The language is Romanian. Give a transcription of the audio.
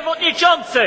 przewodniczący!